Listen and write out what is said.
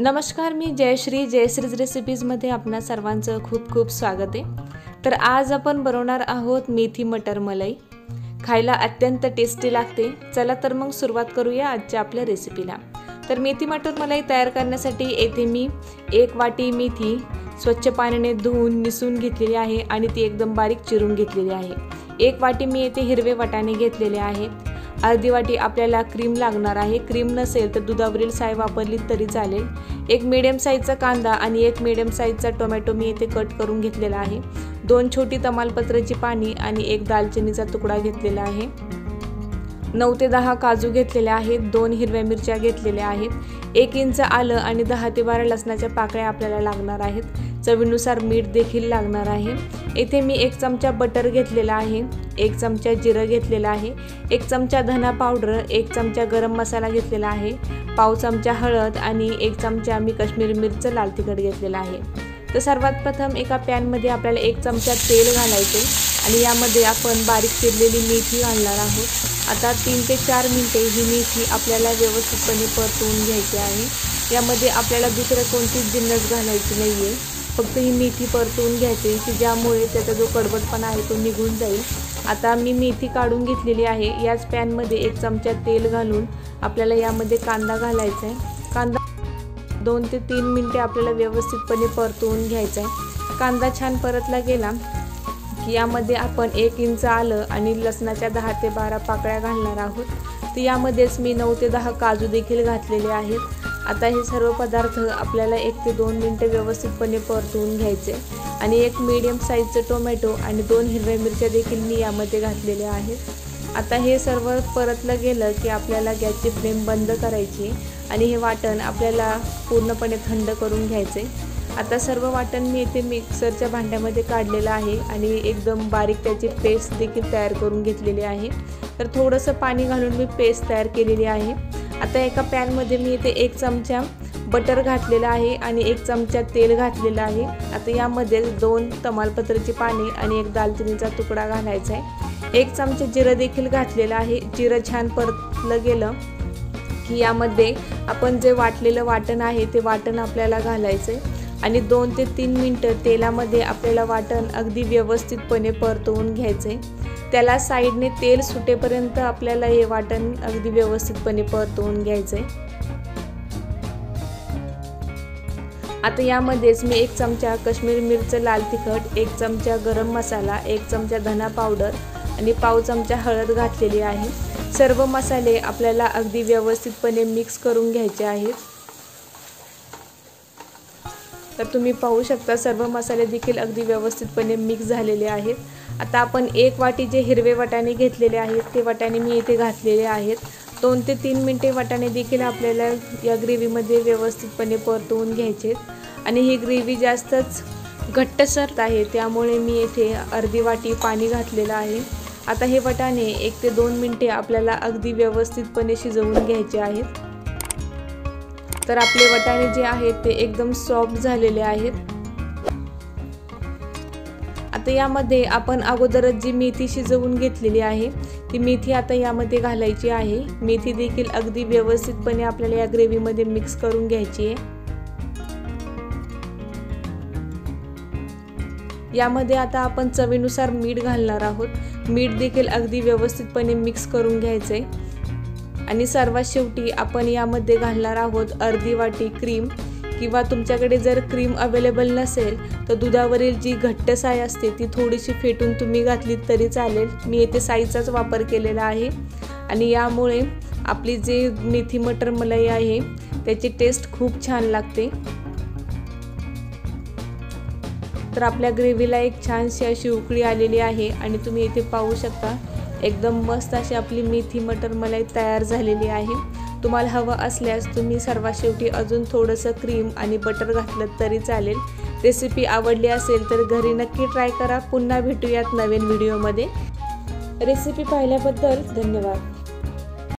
नमस्कार मी जयश्री जयश्रीज रेसिपीजमध्ये आपणा सर्वांचं खूप खूप स्वागत आहे तर आज आपण बनवणार आहोत मेथी मटर मलाई खायला अत्यंत टेस्टी लागते चला तर मग सुरुवात करूया आजच्या आपल्या रेसिपीला तर मेथी मटर मलाई तयार करण्यासाठी येथे मी एक वाटी मेथी स्वच्छ पाण्याने धुवून निसून घेतलेली आहे आणि ती एकदम बारीक चिरून घेतलेली आहे एक वाटी मी येथे हिरवे वाटाणे घेतलेले आहेत अर्धी वाटी आपल्याला क्रीम लागणार आहे क्रीम नसेल तर दुधावरील साय वापरली तरी चालेल एक मिडियम साईजचा कांदा आणि एक मिडियम साईजचा टोमॅटो मी येथे कट करून घेतलेला आहे दोन छोटी तमालपत्राची पाणी आणि एक दालचिनीचा तुकडा घेतलेला आहे नऊ ते दहा काजू घेतलेले आहेत दोन हिरव्या मिरच्या घेतलेल्या आहेत एक इंच आलं आणि दहा ते बारा लसणाच्या पाकळ्या आपल्याला लागणार आहेत चवीनुसार मीठ देखील लागणार आहे येथे मी एक चमचा बटर घेतलेला आहे एक चमचा जिरं घेतलेला आहे एक चमचा धना पावडर एक चमचा गरम मसाला घेतलेला आहे पाव चमचा हळद आणि एक चमचा मी कश्मीरी मिरच लाल तिखट घेतलेला आहे तर सर्वात प्रथम एका पॅनमध्ये आपल्याला एक चमचा तेल घालायचे आणि यामध्ये आपण बारीक चिरलेली मेथी घालणार आहोत आता तीन ते चार मिनटे ही मेथी आपल्याला व्यवस्थितपणे परतवून घ्यायची आहे यामध्ये आपल्याला दुसरं कोणतीच जिन्नस घालायची नाही आहे फक्त ही मेथी परतवून घ्यायची की ज्यामुळे त्याचा जो कडबडपणा आहे तो निघून जाईल आता मी मेथी काढून घेतलेली आहे याच पॅनमध्ये एक चमचा तेल घालून आपल्याला यामध्ये कांदा घालायचा आहे कांदा दोन ते तीन मिनटे आपल्याला व्यवस्थितपणे परतवून घ्यायचा आहे कांदा छान परतला गेला की यामध्ये आपण एक इंच आलं आणि लसणाच्या दहा ते बारा पाकळ्या घालणार आहोत तर यामध्येच मी नऊ ते दहा काजू देखील घातलेले आहेत आता हे सर्व पदार्थ आपल्याला एक ते दोन मिनटं व्यवस्थितपणे परतवून घ्यायचे आणि एक मीडियम साईजचं टोमॅटो आणि दोन हिरव्या मिरच्या देखील मी यामध्ये घातलेल्या आहेत आता हे सर्व परतलं गेलं की आपल्याला गॅसची फ्लेम बंद करायची आणि हे वाटण आपल्याला पूर्णपणे थंड करून घ्यायचे आता सर्व वाटण मी इथे मिक्सरच्या भांड्यामध्ये काढलेलं आहे आणि एकदम बारीक त्याची पेस्ट देखील तयार करून घेतलेली आहे तर थोडंसं पाणी घालून मी पेस्ट तयार केलेली आहे आता एका पॅनमध्ये मी इथे एक चमचा बटर घातलेलं आहे आणि एक चमचा तेल घातलेलं आहे आता यामध्ये दोन तमालपत्राची पाने आणि एक दालचिनीचा तुकडा घालायचा आहे एक चमचा जिरं देखील घातलेलं आहे जिरं छान परतलं गेलं की यामध्ये आपण जे वाटलेलं वाटण आहे ते वाटण आपल्याला घालायचं आहे आणि दोन ते तीन मिनटं तेलामध्ये आपल्याला वाटण अगदी व्यवस्थितपणे परतवून घ्यायचे त्याला साईडने तेल सुटेपर्यंत आपल्याला हे वाटण अगदी व्यवस्थितपणे परतवून घ्यायचं आहे आता यामध्येच मी एक चमचा काश्मीर मिरच लाल तिखट एक चमचा गरम मसाला एक चमचा धना पावडर आणि पाव चमचा हळद घातलेली आहे सर्व मसाले आपल्याला अगदी व्यवस्थितपणे मिक्स करून घ्यायचे आहेत तर तुम्ही पाहू शकता सर्व मसाले देखील अगदी व्यवस्थितपणे मिक्स झालेले आहेत आता आपण एक वाटी जे हिरवे वाटाणे घेतलेले आहेत ते वाटाणे मी इथे घातलेले आहेत दोन ते तीन मिनटे वाटाणे देखील आपल्याला या ग्रेव्हीमध्ये व्यवस्थितपणे परतवून घ्यायचे आणि ही ग्रेव्ही जास्तच घट्टसर आहे त्यामुळे मी इथे अर्धी वाटी पाणी घातलेलं आहे आता हे वाटाणे एक ते दोन मिनटे आपल्याला अगदी व्यवस्थितपणे शिजवून घ्यायचे आहेत तर आपले वटाणे जे आहेत ते एकदम सॉफ्ट झालेले आहेत आता यामध्ये आपण अगोदरच जी मेथी शिजवून घेतलेली आहे ती मेथी आता यामध्ये घालायची आहे मेथी देखील अगदी व्यवस्थितपणे आपल्याला या ग्रेव्हीमध्ये मिक्स करून घ्यायची आहे यामध्ये आता आपण चवीनुसार मीठ घालणार आहोत मीठ देखील अगदी व्यवस्थितपणे मिक्स करून घ्यायचं आहे आणि सर्वात शेवटी आपण यामध्ये घालणार आहोत अर्धी वाटी क्रीम किंवा तुमच्याकडे जर क्रीम अवेलेबल नसेल तर दुधावरील जी घट्ट साय असते ती थोडीशी फेटून तुम्ही घातली तरी चालेल मी येथे साईचाच वापर केलेला आहे आणि यामुळे आपली जी मेथी मटर मलाई आहे त्याची टेस्ट खूप छान लागते तर आपल्या ग्रेव्हीला एक छानशी अशी उकळी आलेली आहे आणि तुम्ही इथे पाहू शकता एकदम मस्त अशी आपली मेथी मटर मलाई तयार झालेली आहे तुम्हाला हवं असल्यास तुम्ही सर्वात शेवटी अजून थोडंसं क्रीम आणि बटर घातलं तरी चालेल रेसिपी आवडली असेल तर घरी नक्की ट्राय करा पुन्हा भेटूयात नवीन व्हिडिओमध्ये रेसिपी पाहिल्याबद्दल धन्यवाद